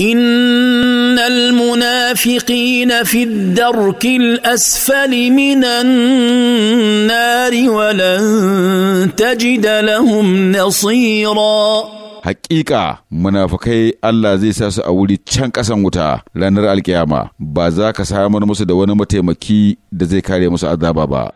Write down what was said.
ان المنافقين في الدرك الاسفل من النار ولن تجد لهم نصيرا Hakika munafukai Allah zai sa su a wuri can ƙasan wuta ranar alkiyama ba za ka samar musu da wani mataimaki da zai kare musu azaba ba.